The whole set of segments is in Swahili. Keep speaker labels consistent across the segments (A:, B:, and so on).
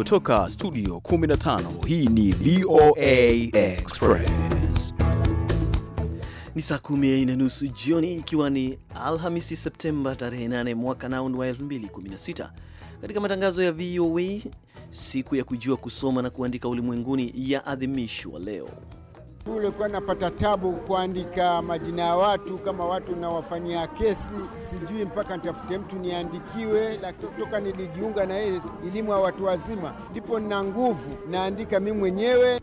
A: kutoka studio 15 hii ni VOA Express ni saa kumi na nusu jioni ikiwa ni Alhamisi Septemba tarehe 8 mwaka nao wa 2016 katika matangazo ya VOA siku ya kujua kusoma na kuandika ulimwenguni yaadhimishwa leo
B: Ulikuwa napata tabu kuandika majina ya watu, kama watu nawafanyia kesi, sijui mpaka nitafute mtu niandikiwe. Lakini toka nilijiunga na yeye elimu ya watu wazima, ndipo nina nguvu naandika mimi
C: mwenyewe.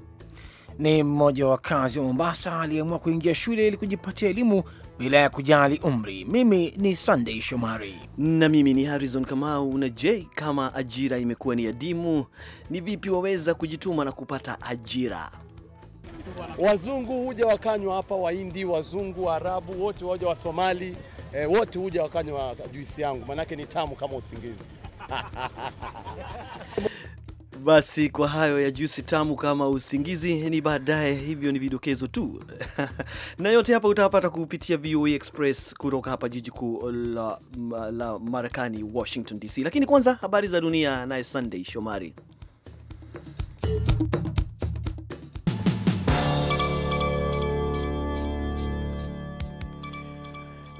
C: Ni mmoja wa wakazi wa Mombasa aliyeamua kuingia shule ili kujipatia elimu bila ya kujali umri. Mimi ni Sunday Shomari na mimi ni Harrison
A: Kamau. Na je, kama ajira imekuwa ni adimu, ni vipi waweza kujituma na kupata ajira?
D: Wazungu huja wakanywa hapa, Wahindi, wazungu, Waarabu wote waja, Wasomali e, eh, wote huja wakanywa juisi yangu, maanake ni tamu kama
A: usingizi. Basi kwa hayo ya juisi tamu kama usingizi ni baadaye, hivyo ni vidokezo tu na yote hapa utapata kupitia VOA e Express kutoka hapa jiji kuu la, la Marekani, Washington DC. Lakini kwanza habari za dunia, naye Sunday Shomari.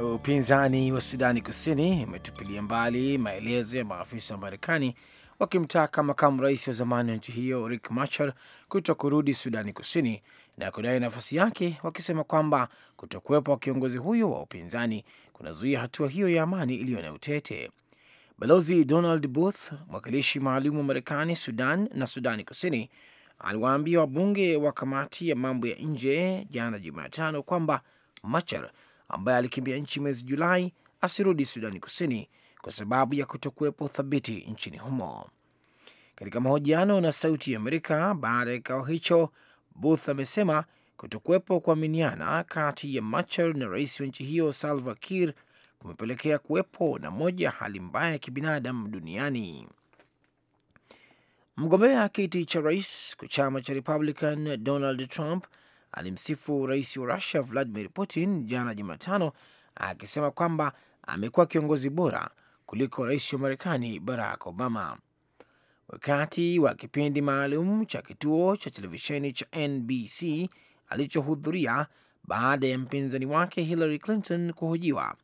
C: Upinzani wa Sudani Kusini umetupilia mbali maelezo ya maafisa wa Marekani wakimtaka makamu rais wa zamani wa nchi hiyo rik Machar kuto kurudi Sudani Kusini na kudai nafasi yake, wakisema kwamba kutokuwepo kwa kiongozi huyo wa upinzani kunazuia hatua hiyo ya amani iliyo na utete. Balozi Donald Booth, mwakilishi maalum wa Marekani Sudan na Sudani Kusini, aliwaambia wabunge wa kamati ya mambo ya nje jana Jumatano kwamba Machar ambaye alikimbia nchi mwezi Julai asirudi Sudani Kusini kwa sababu ya kutokuwepo thabiti nchini humo. Katika mahojiano na Sauti ya Amerika baada ya kikao hicho, Booth amesema kutokuwepo kuaminiana kati ya Machar na rais wa nchi hiyo Salva Kiir kumepelekea kuwepo na moja hali mbaya ya kibinadamu duniani. Mgombea kiti cha rais kwa chama cha Republican Donald Trump alimsifu rais wa Rusia Vladimir Putin jana Jumatano akisema kwamba amekuwa kiongozi bora kuliko rais wa Marekani Barack Obama. Wakati wa kipindi maalum cha kituo cha televisheni cha NBC alichohudhuria baada ya mpinzani wake Hillary Clinton kuhojiwa,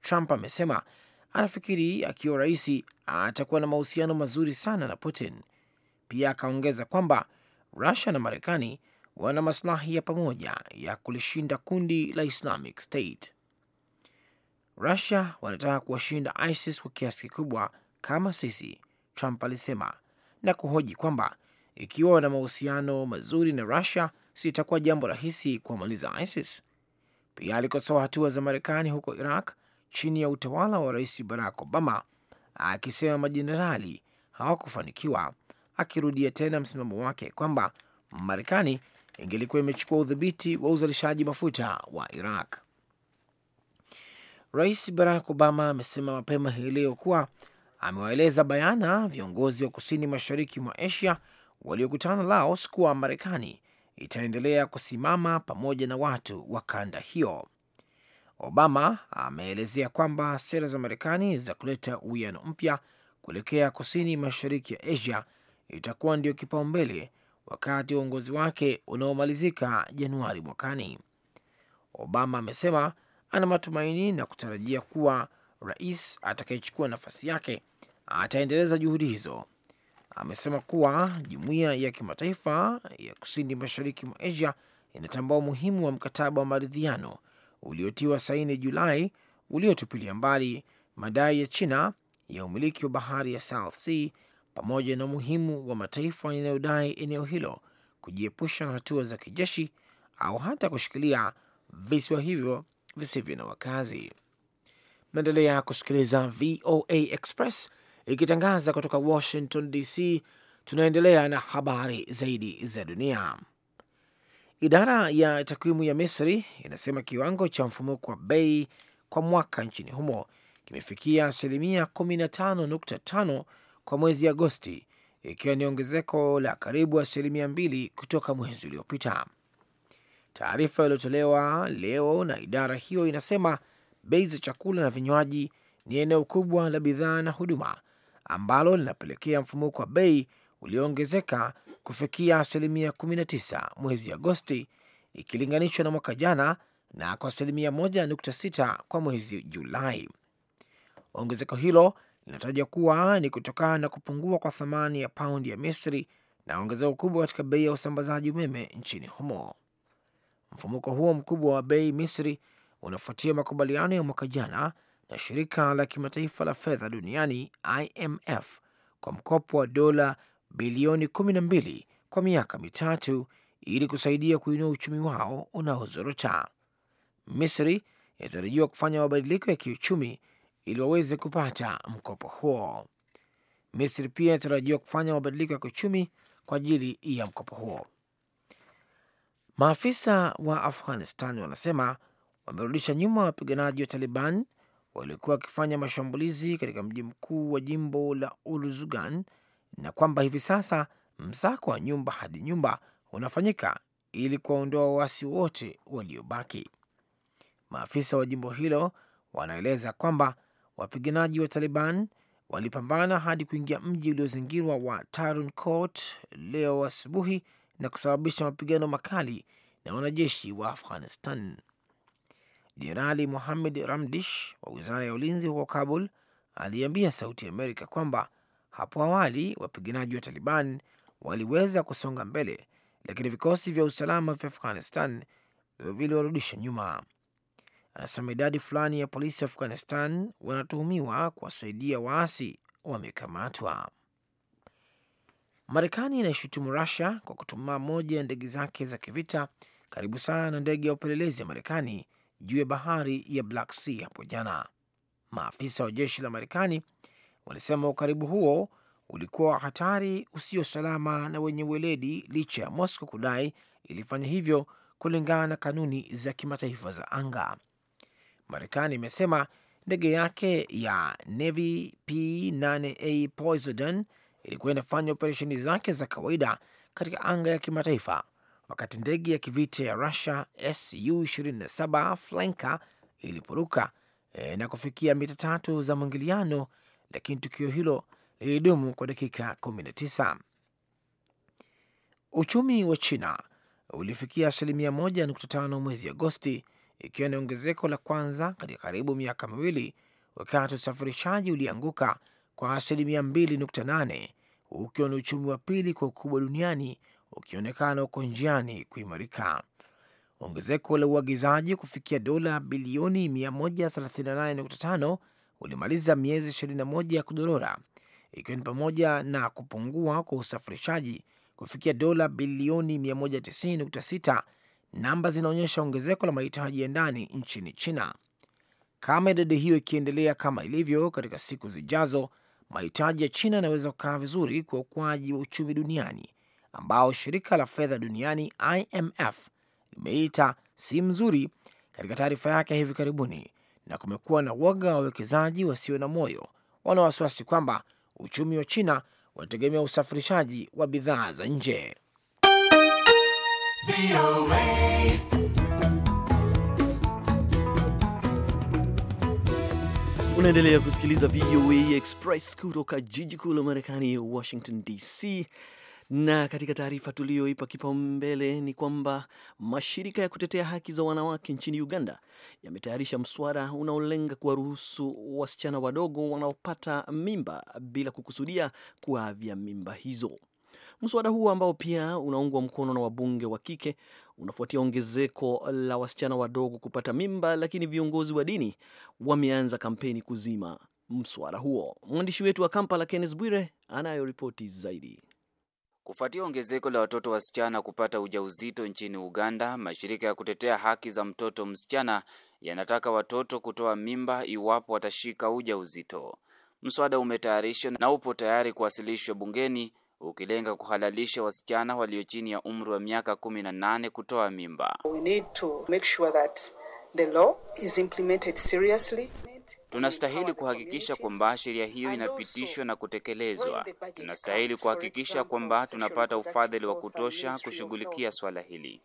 C: Trump amesema anafikiri akiwa rais atakuwa na mahusiano mazuri sana na Putin. Pia akaongeza kwamba Rusia na Marekani wana maslahi ya pamoja ya kulishinda kundi la Islamic State. Rusia wanataka kuwashinda ISIS kwa kiasi kikubwa kama sisi, Trump alisema na kuhoji kwamba ikiwa wana mahusiano mazuri na Rusia, si itakuwa jambo rahisi kuwamaliza ISIS. Pia alikosoa hatua za Marekani huko Iraq chini ya utawala wa Rais Barack Obama, akisema majenerali hawakufanikiwa, akirudia tena msimamo wake kwamba Marekani ingelikuwa imechukua udhibiti wa uzalishaji mafuta wa Iraq. Rais Barack Obama amesema mapema hii leo kuwa amewaeleza bayana viongozi wa kusini mashariki mwa Asia waliokutana Laos kuwa Marekani itaendelea kusimama pamoja na watu wa kanda hiyo. Obama ameelezea kwamba sera za Marekani za kuleta uwiano mpya kuelekea kusini mashariki ya Asia itakuwa ndio kipaumbele wakati wa uongozi wake unaomalizika Januari mwakani. Obama amesema ana matumaini na kutarajia kuwa rais atakayechukua nafasi yake ataendeleza juhudi hizo. Amesema kuwa jumuiya ya kimataifa ya kusini mashariki mwa Asia inatambua umuhimu wa mkataba wa maridhiano uliotiwa saini Julai uliotupilia mbali madai ya China ya umiliki wa bahari ya South Sea pamoja na umuhimu wa mataifa yanayodai eneo hilo kujiepusha na hatua za kijeshi au hata kushikilia visiwa hivyo visivyo na wakazi. Naendelea kusikiliza VOA Express ikitangaza kutoka Washington DC. Tunaendelea na habari zaidi za dunia. Idara ya takwimu ya Misri inasema kiwango cha mfumuko wa bei kwa mwaka nchini humo kimefikia asilimia 15.5 kwa mwezi Agosti, ikiwa ni ongezeko la karibu asilimia mbili kutoka mwezi uliopita. Taarifa iliyotolewa leo na idara hiyo inasema bei za chakula na vinywaji ni eneo kubwa la bidhaa na huduma ambalo linapelekea mfumuko wa bei ulioongezeka kufikia asilimia 19 mwezi Agosti ikilinganishwa na mwaka jana na kwa asilimia 1.6 kwa mwezi Julai. Ongezeko hilo inataja kuwa ni kutokana na kupungua kwa thamani ya paundi ya Misri na ongezeko kubwa katika bei ya usambazaji umeme nchini humo. Mfumuko huo mkubwa wa bei Misri unafuatia makubaliano ya mwaka jana na shirika la kimataifa la fedha duniani IMF kwa mkopo wa dola bilioni 12 kwa miaka mitatu ili kusaidia kuinua uchumi wao unaozorota. Misri inatarajiwa kufanya mabadiliko ya kiuchumi ili waweze kupata mkopo huo. Misri pia inatarajiwa kufanya mabadiliko ya kiuchumi kwa ajili ya mkopo huo. Maafisa wa Afghanistan wanasema wamerudisha nyuma wapiganaji wa Taliban waliokuwa wakifanya mashambulizi katika mji mkuu wa jimbo la Uruzgan na kwamba hivi sasa msako wa nyumba hadi nyumba unafanyika ili kuwaondoa waasi wote waliobaki. Maafisa wa jimbo hilo wanaeleza kwamba Wapiganaji wa Taliban walipambana hadi kuingia mji uliozingirwa wa Tarun Kot leo asubuhi na kusababisha mapigano makali na wanajeshi wa Afghanistan. Jenerali muhamed Ramdish wa wizara ya ulinzi huko Kabul aliambia Sauti Amerika kwamba hapo awali wapiganaji wa Taliban waliweza kusonga mbele, lakini vikosi vya usalama vya Afghanistan vilivyorudisha nyuma anasema idadi fulani ya polisi wa Afghanistan wanatuhumiwa kuwasaidia waasi wamekamatwa. Marekani inaishutumu Rusia kwa kutuma moja ya ndege zake za kivita karibu sana na ndege ya upelelezi ya Marekani juu ya bahari ya Black Sea hapo jana. Maafisa wa jeshi la Marekani walisema ukaribu huo ulikuwa wa hatari, usio salama na wenye weledi, licha ya Moscow kudai ilifanya hivyo kulingana na kanuni za kimataifa za anga. Marekani imesema ndege yake ya Navy P8A Poseidon ilikuwa inafanya operesheni zake za kawaida katika anga ya kimataifa wakati ndege ya kivita ya Russia Su-27 Flanker iliporuka e, eh, na kufikia mita tatu za mwingiliano, lakini tukio hilo lilidumu kwa dakika 19. Uchumi wa China ulifikia asilimia 1.5 mwezi Agosti, ikiwa ni ongezeko la kwanza katika karibu miaka miwili, wakati usafirishaji ulianguka kwa asilimia 2.8 ukiwa ni uchumi wa pili kwa ukubwa duniani ukionekana uko njiani kuimarika. Ongezeko la uagizaji kufikia dola bilioni 138.5 ulimaliza miezi 21 ya kudorora, ikiwa ni pamoja na kupungua kwa usafirishaji kufikia dola bilioni 190.6 namba zinaonyesha ongezeko la mahitaji ya ndani nchini China. Kama idadi hiyo ikiendelea kama ilivyo katika siku zijazo, mahitaji ya China yanaweza kukaa vizuri kwa ukuaji wa uchumi duniani ambao shirika la fedha duniani IMF limeita si mzuri katika taarifa yake hivi karibuni, na kumekuwa na woga wa wawekezaji wasio na moyo wana wasiwasi kwamba uchumi wa China unategemea usafirishaji wa bidhaa za nje.
A: Unaendelea kusikiliza VOA Express kutoka jiji kuu la Marekani, Washington DC. Na katika taarifa tuliyoipa kipaumbele ni kwamba mashirika ya kutetea haki za wanawake nchini Uganda yametayarisha mswada unaolenga kuwaruhusu wasichana wadogo wanaopata mimba bila kukusudia kuavya mimba hizo. Mswada huo ambao pia unaungwa mkono na wabunge wa kike unafuatia ongezeko la wasichana wadogo kupata mimba, lakini viongozi wa dini wameanza kampeni kuzima mswada huo. Mwandishi wetu wa Kampala, Kenneth Bwire, anayo ripoti zaidi.
E: Kufuatia ongezeko la watoto wasichana kupata ujauzito nchini Uganda, mashirika ya kutetea haki za mtoto msichana yanataka watoto kutoa mimba iwapo watashika ujauzito. Mswada umetayarishwa na upo tayari kuwasilishwa bungeni ukilenga kuhalalisha wasichana walio chini ya umri wa miaka kumi na nane kutoa mimba. Tunastahili kuhakikisha kwamba sheria hiyo inapitishwa na kutekelezwa. Tunastahili kuhakikisha kwamba tunapata ufadhili wa kutosha kushughulikia swala hili.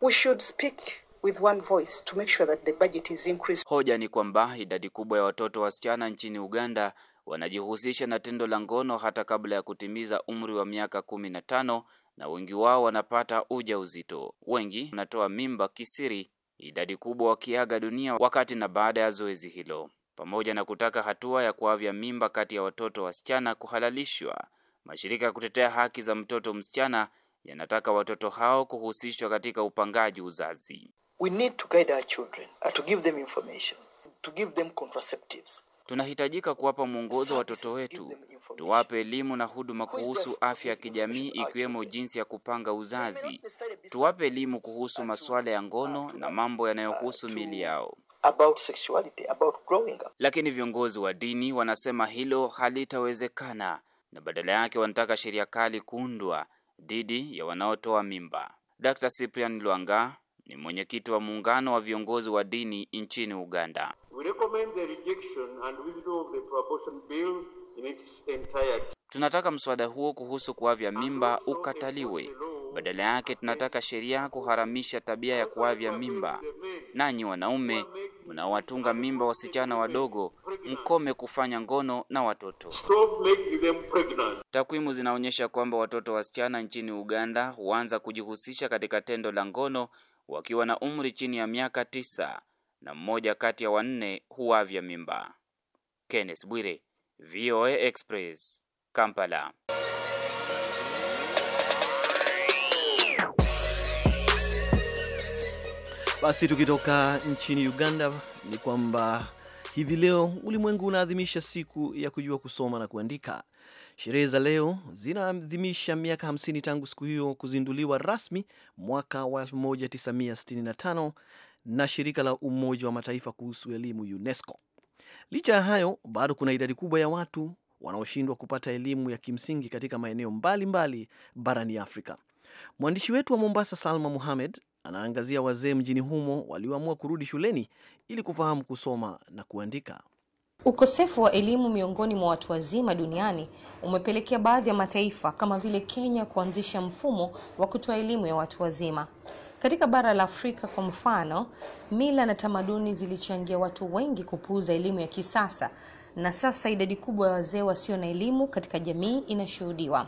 E: Hoja ni kwamba idadi kubwa ya watoto wasichana nchini Uganda wanajihusisha na tendo la ngono hata kabla ya kutimiza umri wa miaka kumi na tano na wengi wao wanapata uja uzito Wengi wanatoa mimba kisiri, idadi kubwa wakiaga dunia wakati na baada ya zoezi hilo. Pamoja na kutaka hatua ya kuavya mimba kati ya watoto wasichana kuhalalishwa, mashirika ya kutetea haki za mtoto msichana yanataka watoto hao kuhusishwa katika upangaji uzazi.
A: We need to guide our children, uh, to give them information, to give them contraceptives.
E: Tunahitajika kuwapa mwongozo watoto wetu, tuwape elimu na huduma kuhusu afya ya kijamii, ikiwemo jinsi ya kupanga uzazi. Tuwape elimu kuhusu masuala ya ngono na mambo yanayohusu mili yao. About
C: sexuality, about growing up.
E: Lakini viongozi wa dini wanasema hilo halitawezekana na badala yake wanataka sheria kali kuundwa dhidi ya wanaotoa mimba. Dr. Cyprian Lwanga ni mwenyekiti wa muungano wa viongozi wa dini nchini Uganda. Tunataka mswada huo kuhusu kuavya mimba ukataliwe. Badala yake tunataka sheria kuharamisha tabia ya kuavya mimba. Nanyi wanaume mnaowatunga mimba wasichana wadogo, mkome kufanya ngono na watoto. Takwimu zinaonyesha kwamba watoto wasichana nchini Uganda huanza kujihusisha katika tendo la ngono wakiwa na umri chini ya miaka tisa na mmoja kati ya wanne huavya mimba. Kenneth Bwire, VOA Express, Kampala. Basi tukitoka nchini Uganda ni
A: kwamba hivi leo ulimwengu unaadhimisha siku ya kujua kusoma na kuandika. Sherehe za leo zinaadhimisha miaka 50 tangu siku hiyo kuzinduliwa rasmi mwaka wa 1965 na shirika la Umoja wa Mataifa kuhusu elimu UNESCO. Licha ya hayo, bado kuna idadi kubwa ya watu wanaoshindwa kupata elimu ya kimsingi katika maeneo mbalimbali mbali barani Afrika. Mwandishi wetu wa Mombasa, Salma Muhamed, anaangazia wazee mjini humo walioamua kurudi shuleni ili kufahamu kusoma na kuandika.
F: Ukosefu wa elimu miongoni mwa watu wazima duniani umepelekea baadhi ya mataifa kama vile Kenya kuanzisha mfumo wa kutoa elimu ya watu wazima. Katika bara la Afrika kwa mfano, mila na tamaduni zilichangia watu wengi kupuuza elimu ya kisasa na sasa idadi kubwa ya wazee wasio na elimu katika jamii inashuhudiwa.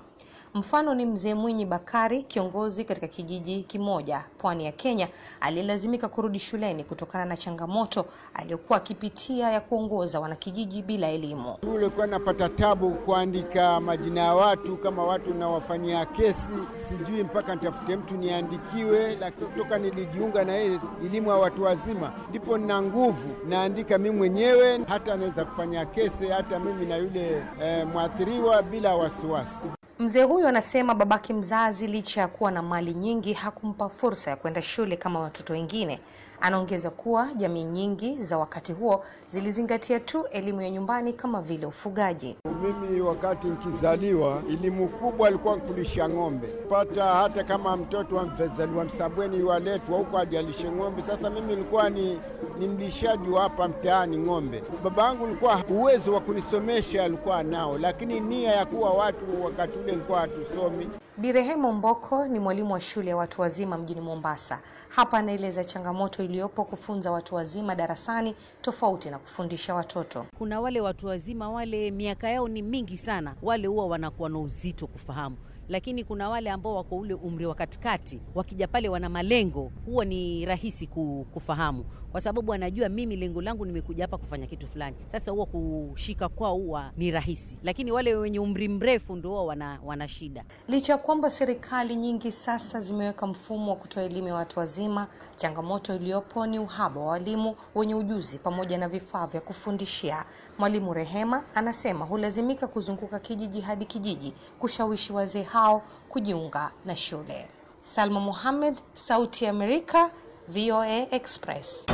F: Mfano ni Mzee Mwinyi Bakari, kiongozi katika kijiji kimoja pwani ya Kenya, aliyelazimika kurudi shuleni kutokana na changamoto aliyokuwa akipitia ya kuongoza wanakijiji bila elimu.
B: ulikuwa napata tabu kuandika majina ya watu, kama watu nawafanyia kesi, sijui mpaka nitafute mtu niandikiwe. Lakini toka nilijiunga na yeye elimu ya watu wazima, ndipo nina nguvu naandika mimi mwenyewe, hata anaweza kufanya kesi hata mimi na yule eh, mwathiriwa
F: bila wasiwasi. Mzee huyu anasema babake mzazi licha ya kuwa na mali nyingi hakumpa fursa ya kwenda shule kama watoto wengine Anaongeza kuwa jamii nyingi za wakati huo zilizingatia tu elimu ya nyumbani kama vile ufugaji. Mimi wakati
B: nikizaliwa, elimu kubwa alikuwa kulisha ng'ombe, pata hata kama mtoto wa mfezali wa msabweni waletwa huko ajalishe ng'ombe. Sasa mimi nilikuwa ni, ni mlishaji wa hapa mtaani ng'ombe. Baba yangu alikuwa uwezo wa kunisomesha alikuwa nao, lakini nia ya
F: kuwa watu wakati ule alikuwa hatusomi. Birehemu Mboko ni mwalimu wa shule ya watu wazima mjini Mombasa. Hapa anaeleza changamoto iliyopo kufunza watu wazima darasani tofauti na kufundisha watoto. Kuna wale watu wazima wale miaka yao ni mingi sana, wale huwa wanakuwa na uzito kufahamu lakini kuna wale ambao wako ule umri wa katikati, wakija pale wana malengo, huwa ni rahisi kufahamu kwa sababu anajua mimi lengo langu nimekuja hapa kufanya kitu fulani. Sasa huwa kushika kwao huwa ni rahisi, lakini wale wenye umri mrefu ndio huwa wana, wana shida. Licha ya kwamba serikali nyingi sasa zimeweka mfumo wa kutoa elimu ya watu wazima, changamoto iliyopo ni uhaba wa walimu wenye ujuzi pamoja na vifaa vya kufundishia. Mwalimu Rehema anasema hulazimika kuzunguka kijiji hadi kijiji kushawishi wazee hao kujiunga na shule. Salma muhamed Sauti ya Amerika, VOA e Express.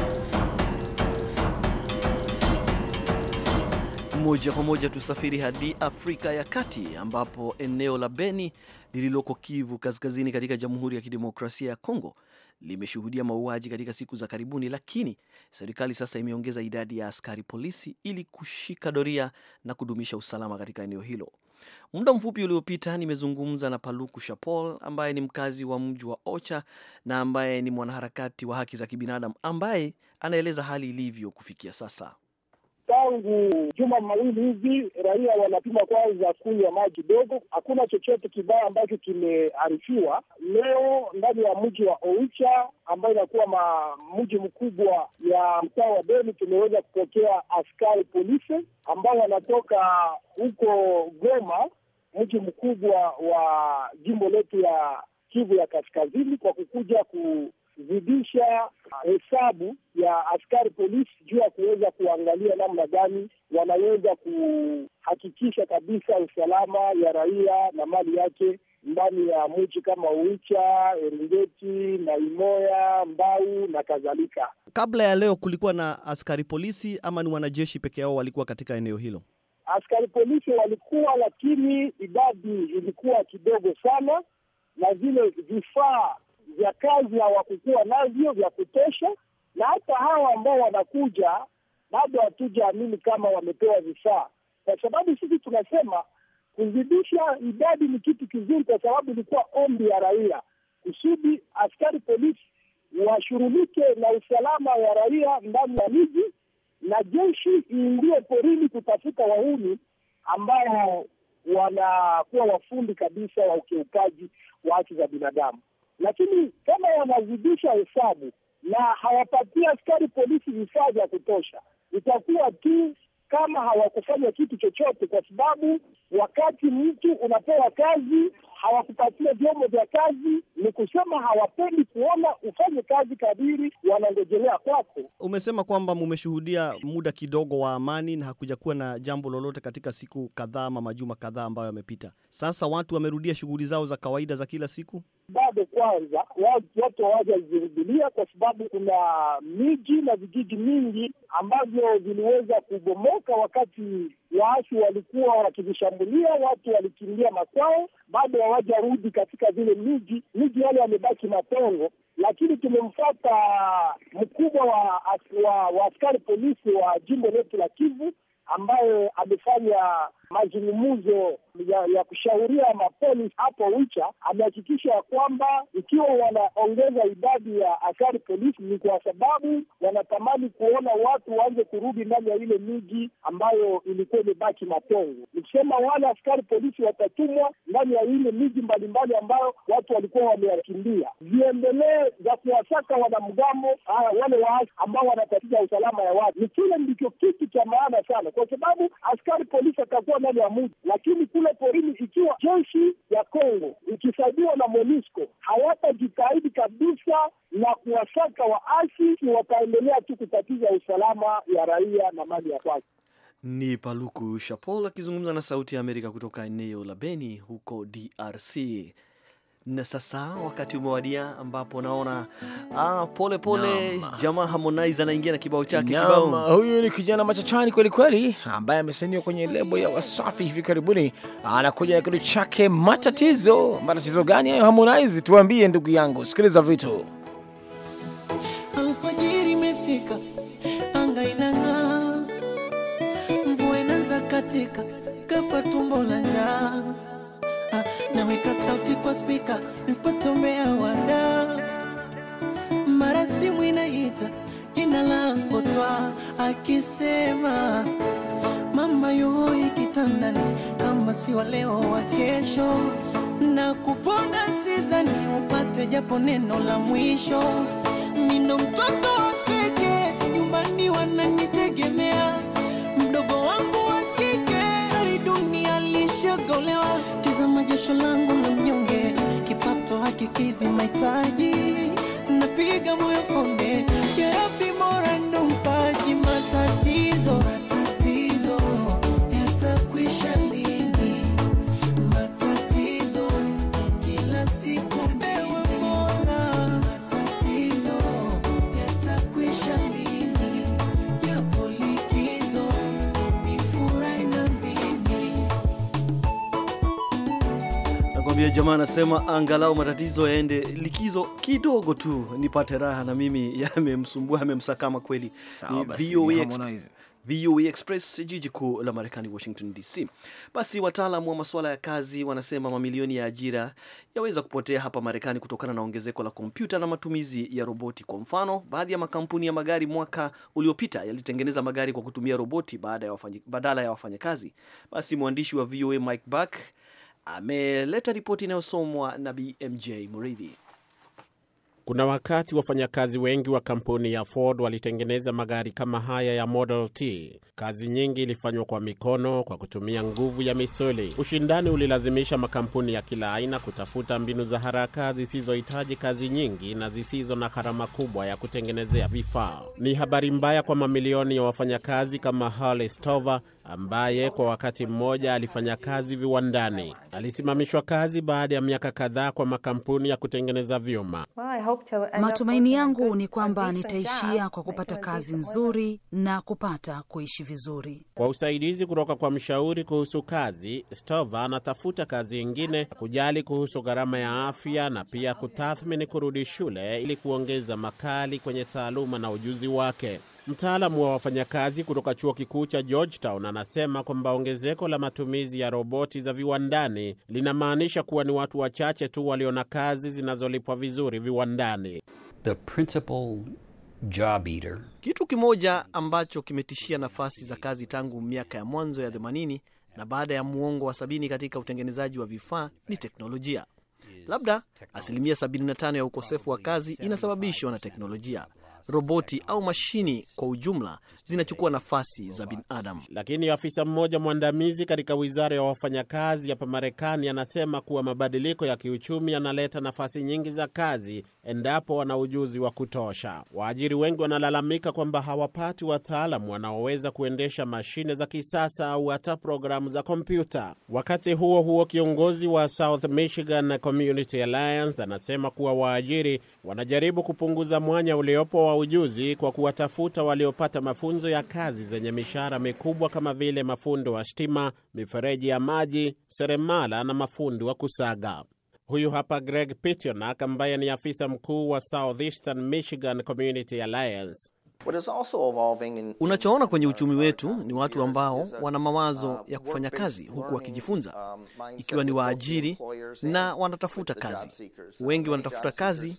A: Moja kwa moja tusafiri hadi Afrika ya Kati ambapo eneo la Beni lililoko Kivu Kaskazini katika Jamhuri ya Kidemokrasia ya Kongo limeshuhudia mauaji katika siku za karibuni, lakini serikali sasa imeongeza idadi ya askari polisi ili kushika doria na kudumisha usalama katika eneo hilo. Muda mfupi uliopita nimezungumza na Paluku Shapol ambaye ni mkazi wa mji wa Ocha na ambaye ni mwanaharakati wa haki za kibinadamu ambaye anaeleza hali ilivyo kufikia sasa
G: tangu juma mawili hivi raia wanapima kwanza kunywa maji dogo Hakuna chochote kibaya ambacho kimearifiwa leo ndani ya mji wa Oicha ambayo inakuwa mji mkubwa ya mtaa wa Beni. Tumeweza kupokea askari polisi ambao wanatoka huko Goma, mji mkubwa wa jimbo letu ya Kivu ya Kaskazini, kwa kukuja ku kuzidisha hesabu ya askari polisi juu ya kuweza kuangalia namna gani wanaweza kuhakikisha kabisa usalama ya raia na mali yake ndani ya mji kama Uicha, Eringeti, imoya Mbau na kadhalika.
A: Kabla ya leo kulikuwa na askari polisi ama ni wanajeshi peke yao walikuwa katika eneo hilo?
G: Askari polisi walikuwa, lakini idadi ilikuwa kidogo sana, na vile vifaa vya kazi hawakukuwa navyo vya kutosha, na hata hawa ambao wanakuja bado hatujaamini kama wamepewa vifaa, kwa sababu sisi tunasema kuzidisha idadi ni kitu kizuri, kwa sababu ilikuwa ombi ya raia kusudi askari polisi washughulike na usalama wa raia ndani ya miji na jeshi iingie porini kutafuta wahuni ambao wanakuwa wafundi kabisa wa ukiukaji wa haki za binadamu. Lakini kama wanazidisha hesabu na hawapatii askari polisi vifaa vya kutosha, itakuwa tu kama hawakufanya kitu chochote, kwa sababu wakati mtu unapewa kazi hawakupatia vyombo vya kazi, ni kusema hawapendi kuona ufanye kazi kadiri wanangojelea kwako.
A: Umesema kwamba mumeshuhudia muda kidogo wa amani na hakuja kuwa na jambo lolote katika siku kadhaa ama majuma kadhaa ambayo yamepita. Sasa watu wamerudia shughuli zao za kawaida za kila siku.
G: Bado kwanza watu hawajazirudilia kwa sababu kuna miji na vijiji mingi ambavyo viliweza kubomoka wakati waasi walikuwa wakivishambulia, watu walikimbia makwao, bado hawajarudi katika zile miji miji yale yamebaki matongo. Lakini tumemfata mkubwa wa, wa, wa askari polisi wa jimbo letu la Kivu ambaye amefanya mazungumzo ya, ya kushauria mapolisi hapo Wicha amehakikisha ya kwamba ikiwa wanaongeza idadi ya askari polisi ni kwa sababu wanatamani kuona watu waanze kurudi ndani ya ile miji ambayo ilikuwa imebaki matongo. Nikisema wale askari polisi watatumwa ndani ya ile miji mbalimbali ambayo watu walikuwa wameyakimbia, viendelee za kuwasaka wanamgambo ah, wale waasi ambao wanatatiza usalama ya watu. Ni kile ndicho kitu cha maana sana, kwa sababu askari polisi atakuwa kuchukua ndani ya muji, lakini kule porini, ikiwa jeshi ya Kongo ikisaidiwa na MONUSCO hawatajitahidi kabisa na kuwasaka waasi, wataendelea tu kutatiza usalama ya raia na mali ya kwake.
A: Ni Paluku Shapol akizungumza na Sauti ya Amerika kutoka eneo la Beni huko DRC na sasa wakati umewadia ambapo naona ah, pole pole jamaa Harmonize anaingia na kibao chake. Kibao
C: huyu ni kijana machachani kweli kweli, ambaye amesainiwa kwenye lebo ya Wasafi hivi karibuni. Anakuja na kitu chake matatizo. Matatizo gani hayo Harmonize? Tuambie ndugu yangu, sikiliza vitu
A: spika nipotomea wada, mara simu inaita jina la twa,
F: akisema mama yoi kitandani, kama si waleo wa kesho na kuponda sizani upate japo neno
A: la mwisho. Nino mtoto wa keke nyumbani, wananitegemea mdogo wangu wa kike, ari dunia alishagolewa, tazama langu kikidhi mahitaji, napiga moyo konde, yeah, Nakwambia jamaa anasema angalau matatizo yaende likizo kidogo tu, nipate raha na mimi. Yamemsumbua, amemsakama kweli. VOA e e Express, jiji kuu la Marekani, Washington DC. Basi wataalam wa masuala ya kazi wanasema mamilioni ya ajira yaweza kupotea hapa Marekani kutokana na ongezeko la kompyuta na matumizi ya roboti. Kwa mfano, baadhi ya makampuni ya magari mwaka uliopita yalitengeneza magari kwa kutumia roboti badala ya wafanyakazi. Basi mwandishi wa VOA e Mike Back ameleta ripoti inayosomwa na BMJ Muridhi.
H: Kuna wakati wafanyakazi wengi wa kampuni ya Ford walitengeneza magari kama haya ya Model T. Kazi nyingi ilifanywa kwa mikono kwa kutumia nguvu ya misuli. Ushindani ulilazimisha makampuni ya kila aina kutafuta mbinu za haraka zisizohitaji kazi nyingi na zisizo na gharama kubwa ya kutengenezea vifaa. Ni habari mbaya kwa mamilioni ya wafanyakazi kama Hale Stover ambaye kwa wakati mmoja alifanya kazi viwandani. Alisimamishwa kazi baada ya miaka kadhaa kwa makampuni ya kutengeneza vyuma.
F: Matumaini yangu ni kwamba nitaishia kwa kupata kazi nzuri na kupata kuishi vizuri.
H: Kwa usaidizi kutoka kwa mshauri kuhusu kazi, Stova anatafuta kazi ingine, kujali kuhusu gharama ya afya na pia kutathmini kurudi shule ili kuongeza makali kwenye taaluma na ujuzi wake. Mtaalamu wa wafanyakazi kutoka chuo kikuu cha Georgetown anasema kwamba ongezeko la matumizi ya roboti za viwandani linamaanisha kuwa ni watu wachache tu walio na kazi zinazolipwa vizuri viwandani.
E: The principal job eater.
H: Kitu kimoja ambacho
A: kimetishia nafasi za kazi tangu miaka ya mwanzo ya 80 na baada ya muongo wa sabini katika utengenezaji wa vifaa ni teknolojia. Labda asilimia 75 ya ukosefu wa
H: kazi inasababishwa na teknolojia roboti au mashini kwa ujumla zinachukua nafasi za binadamu. Lakini afisa mmoja mwandamizi katika wizara ya wafanyakazi hapa Marekani anasema kuwa mabadiliko ya kiuchumi yanaleta nafasi nyingi za kazi endapo wana ujuzi wa kutosha. Waajiri wengi wanalalamika kwamba hawapati wataalamu wanaoweza kuendesha mashine za kisasa au hata programu za kompyuta. Wakati huo huo, kiongozi wa South Michigan Community Alliance anasema kuwa waajiri wanajaribu kupunguza mwanya uliopo wa ujuzi kwa kuwatafuta waliopata mafunzo ya kazi zenye mishahara mikubwa kama vile mafundo wa stima, mifereji ya maji, seremala na mafundi wa kusaga. Huyu hapa Greg Pitonak ambaye ni afisa mkuu wa Southeastern Michigan Community Alliance. Unachoona
A: kwenye uh, uchumi wetu uh, ni watu ambao wana mawazo uh, ya kufanya kazi huku wakijifunza,
B: um, ikiwa ni waajiri na wanatafuta kazi. Wengi wanatafuta kazi,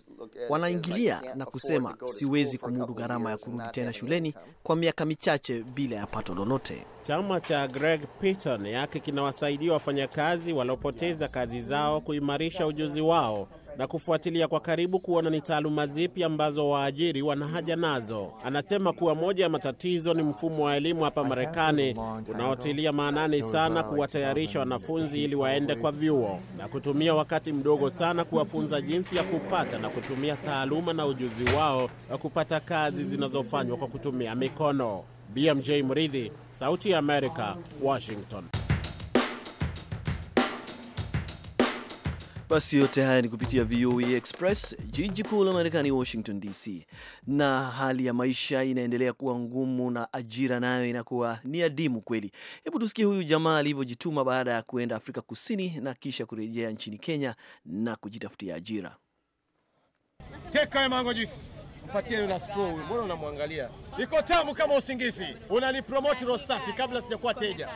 A: wanaingilia na kusema, siwezi kumudu gharama ya kurudi tena shuleni kwa miaka michache bila ya pato lolote.
H: Chama cha Greg Pitton yake kinawasaidia wafanyakazi waliopoteza kazi zao kuimarisha ujuzi wao na kufuatilia kwa karibu kuona ni taaluma zipi ambazo waajiri wana haja nazo. Anasema kuwa moja ya matatizo ni mfumo wa elimu hapa Marekani unaotilia maanani sana kuwatayarisha wanafunzi ili waende kwa vyuo na kutumia wakati mdogo sana kuwafunza jinsi ya kupata na kutumia taaluma na ujuzi wao wa kupata kazi zinazofanywa kwa kutumia mikono. BMJ Mridhi, Sauti ya Amerika, Washington.
A: Basi yote haya ni kupitia VOA e Express, jiji kuu la Marekani, Washington DC. Na hali ya maisha inaendelea kuwa ngumu na ajira nayo inakuwa ni adimu kweli. Hebu tusikie huyu jamaa alivyojituma baada ya kuenda Afrika Kusini na kisha kurejea nchini Kenya na kujitafutia ajira.
D: Teka Patie straw, mbona unamwangalia? Iko tamu kama usingizi. Unanipromote roho safi kabla sijakuwa teja.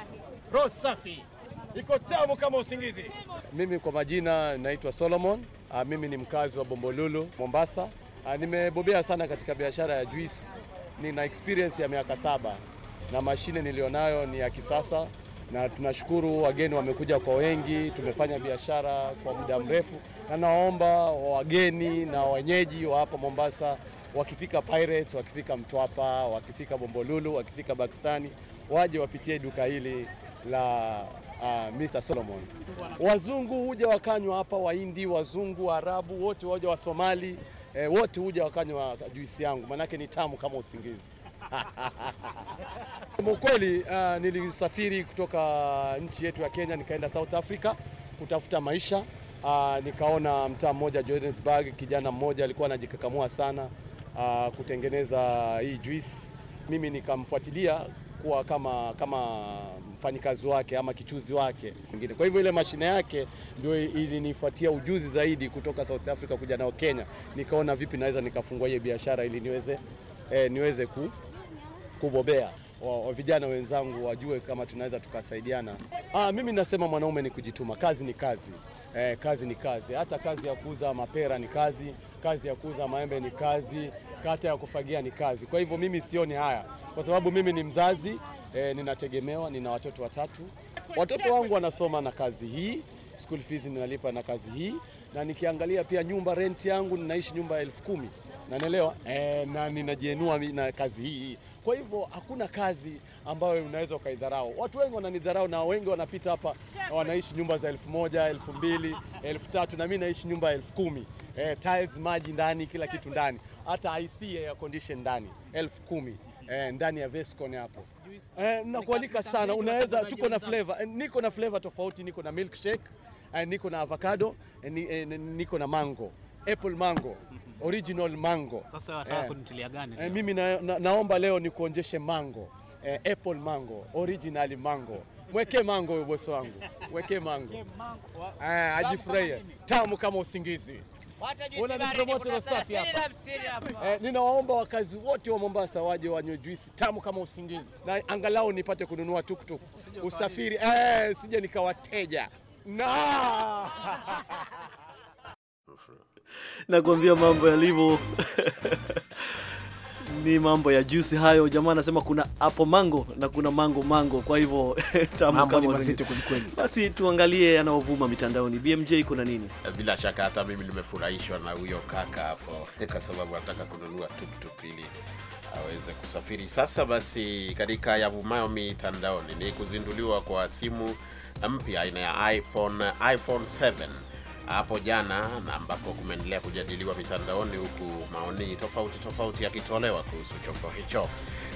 D: Roho safi iko tamu kama usingizi. Mimi kwa majina naitwa Solomon. A, ah, mimi ni mkazi wa Bombolulu, Mombasa. Ah, nimebobea sana katika biashara ya juice. Nina experience ya miaka saba na mashine nilionayo ni ya kisasa, na tunashukuru wageni wamekuja kwa wengi. Tumefanya biashara kwa muda mrefu, na naomba wageni na wenyeji wa hapa Mombasa wakifika Pirates, wakifika Mtwapa, wakifika Bombolulu, wakifika Bakstani waje wapitie duka hili la uh, ah, Mr. Solomon. Wazungu huja wakanywa hapa, Wahindi, wazungu, Waarabu wote waja wa Somali eh, wote huja wakanywa juisi yangu, manake ni tamu kama usingizi. Ukweli uh, ah, nilisafiri kutoka nchi yetu ya Kenya nikaenda South Africa kutafuta maisha uh, nikaona mtaa mmoja Johannesburg, kijana mmoja alikuwa anajikakamua sana uh, kutengeneza hii juice. Mimi nikamfuatilia kuwa kama kama mfanyikazi wake ama kichuzi wake mwingine. Kwa hivyo ile mashine yake ndio ilinifuatia ujuzi zaidi kutoka South Africa kuja nao Kenya, nikaona vipi naweza nikafungua hiyo biashara ili niweze, eh, niweze ku, kubobea wa vijana wenzangu wajue kama tunaweza tukasaidiana. Ah, mimi nasema mwanaume ni kujituma, kazi ni kazi. Eh, kazi ni kazi, hata kazi ya kuuza mapera ni kazi, kazi ya kuuza maembe ni kazi, hata ya kufagia ni kazi. Kwa hivyo mimi sioni haya, kwa sababu mimi ni mzazi e, ninategemewa, nina watoto watatu. Watoto wangu wanasoma na kazi hii, school fees ninalipa na kazi hii, na nikiangalia pia nyumba rent yangu ninaishi nyumba elfu kumi nanelewa e, na ninajienua na kazi hii. Kwa hivyo hakuna kazi ambayo unaweza ukaidharau. Watu wengi wananidharau na wengi wanapita hapa wanaishi nyumba za elfu moja elfu mbili elfu tatu na mimi naishi nyumba elfu kumi e, tiles, maji ndani, kila kitu ndani, hata IC air condition ndani elfu kumi e, ndani ya Vescon hapo
E: eh, nakualika sana. Unaweza tuko na flavor,
D: eh, niko na flavor tofauti, niko na milkshake, eh, niko na avocado, eh, niko na mango, apple mango, original mango. Sasa wataka kunitilia gani? Eh, mimi na, na, naomba leo nikuonjeshe mango eh, apple mango, original mango Mweke mango bosi wangu, weke mango,
E: ajifurahie
D: tamu kama usingizi. Eh, ninawaomba wakazi wote wa Mombasa waje wanywe juisi tamu kama usingizi, na angalau nipate kununua tuktuk usafiri, eh, sije nikawateja na
H: nakwambia mambo
A: yalivyo. Ni mambo ya juice hayo. Jamaa anasema kuna apple mango na kuna mango mango, kwa hivyo tamu kama mazito kulikweli. Basi tuangalie yanayovuma mitandaoni. BMJ, kuna
H: nini? Eh, bila shaka hata mimi nimefurahishwa na huyo kaka hapo, kwa sababu anataka kununua tuktuk ili aweze kusafiri. Sasa basi, katika yavumayo mitandaoni ni kuzinduliwa kwa simu mpya aina ya iPhone, iPhone 7 hapo jana, na ambako kumeendelea kujadiliwa mitandaoni, huku maoni tofauti tofauti yakitolewa kuhusu chombo hicho.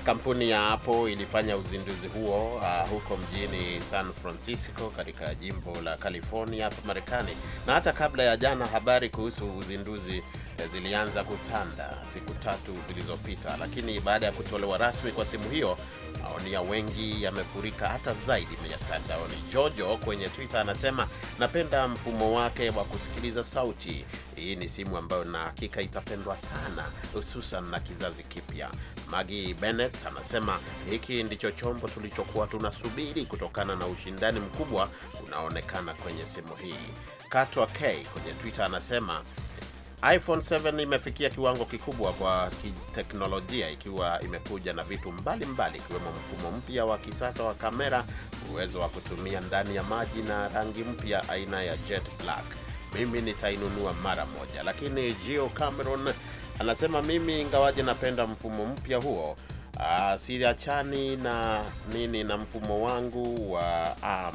H: Kampuni ya Apple ilifanya uzinduzi huo uh, huko mjini San Francisco katika jimbo la California hapa Marekani, na hata kabla ya jana habari kuhusu uzinduzi Eh, zilianza kutanda siku tatu zilizopita, lakini baada ya kutolewa rasmi kwa simu hiyo, maoni ya wengi yamefurika hata zaidi mitandaoni. Jojo kwenye Twitter anasema napenda mfumo wake wa kusikiliza sauti. Hii ni simu ambayo na hakika itapendwa sana, hususan na kizazi kipya. Magi Bennett anasema hiki ndicho chombo tulichokuwa tunasubiri kutokana na ushindani mkubwa unaonekana kwenye simu hii. Katwa K kwenye Twitter anasema iPhone 7 imefikia kiwango kikubwa kwa kiteknolojia ikiwa imekuja na vitu mbalimbali ikiwemo mbali, mfumo mpya wa kisasa wa kamera, uwezo wa kutumia ndani ya maji na rangi mpya aina ya jet black. Mimi nitainunua mara moja, lakini Gio Cameron anasema mimi, ingawaje napenda mfumo mpya huo, ah, siachani na nini na mfumo wangu wa uh,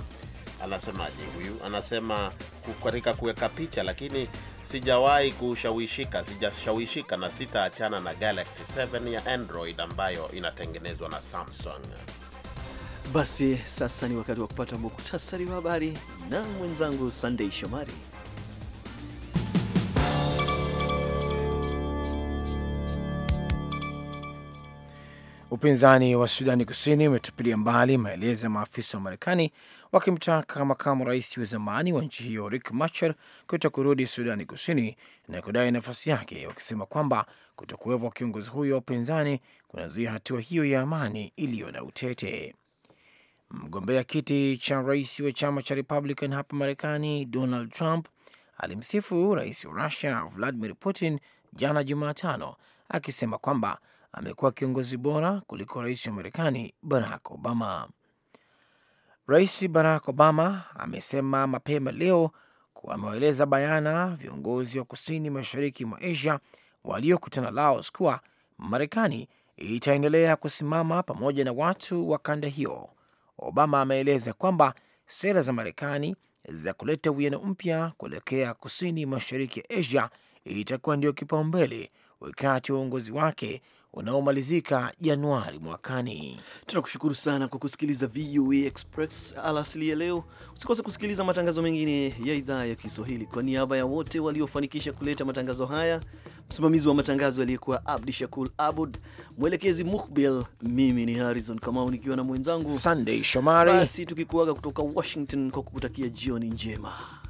H: anasemaje huyu? Anasema katika kuweka picha, lakini sijawahi kushawishika, sijashawishika na sitaachana na Galaxy 7 ya Android ambayo inatengenezwa na Samsung.
A: Basi sasa ni wakati wa kupata muktasari wa habari na mwenzangu Sunday Shomari.
C: Upinzani wa Sudani Kusini umetupilia mbali maelezo ya maafisa wa Marekani wakimtaka makamu rais wa zamani wa nchi hiyo rick Machar kuto kurudi Sudani Kusini na kudai nafasi yake, wakisema kwamba kutokuwepo kiongozi huyo wa upinzani kunazuia hatua hiyo ya amani iliyo na utete. Mgombea kiti cha rais wa chama cha Republican hapa Marekani Donald Trump alimsifu rais wa Russia Vladimir Putin jana Jumatano akisema kwamba amekuwa kiongozi bora kuliko rais wa Marekani Barack Obama. Rais Barack Obama amesema mapema leo kuwa amewaeleza bayana viongozi wa kusini mashariki mwa Asia waliokutana Laos kuwa Marekani itaendelea kusimama pamoja na watu wa kanda hiyo. Obama ameeleza kwamba sera za Marekani za kuleta uwiano mpya kuelekea kusini mashariki ya Asia itakuwa ndio kipaumbele wakati wa uongozi wake unaomalizika Januari mwakani.
A: Tunakushukuru sana kwa kusikiliza VOA Express alasili ya leo. Usikose kusikiliza matangazo mengine ya idhaa ya Kiswahili. Kwa niaba ya wote waliofanikisha kuleta matangazo haya, msimamizi wa matangazo aliyekuwa Abdi Shakur Abud, mwelekezi Mukbil, mimi ni Harrison Kamau nikiwa na mwenzangu Sunday Shomari, basi tukikuaga kutoka Washington kwa kukutakia jioni njema.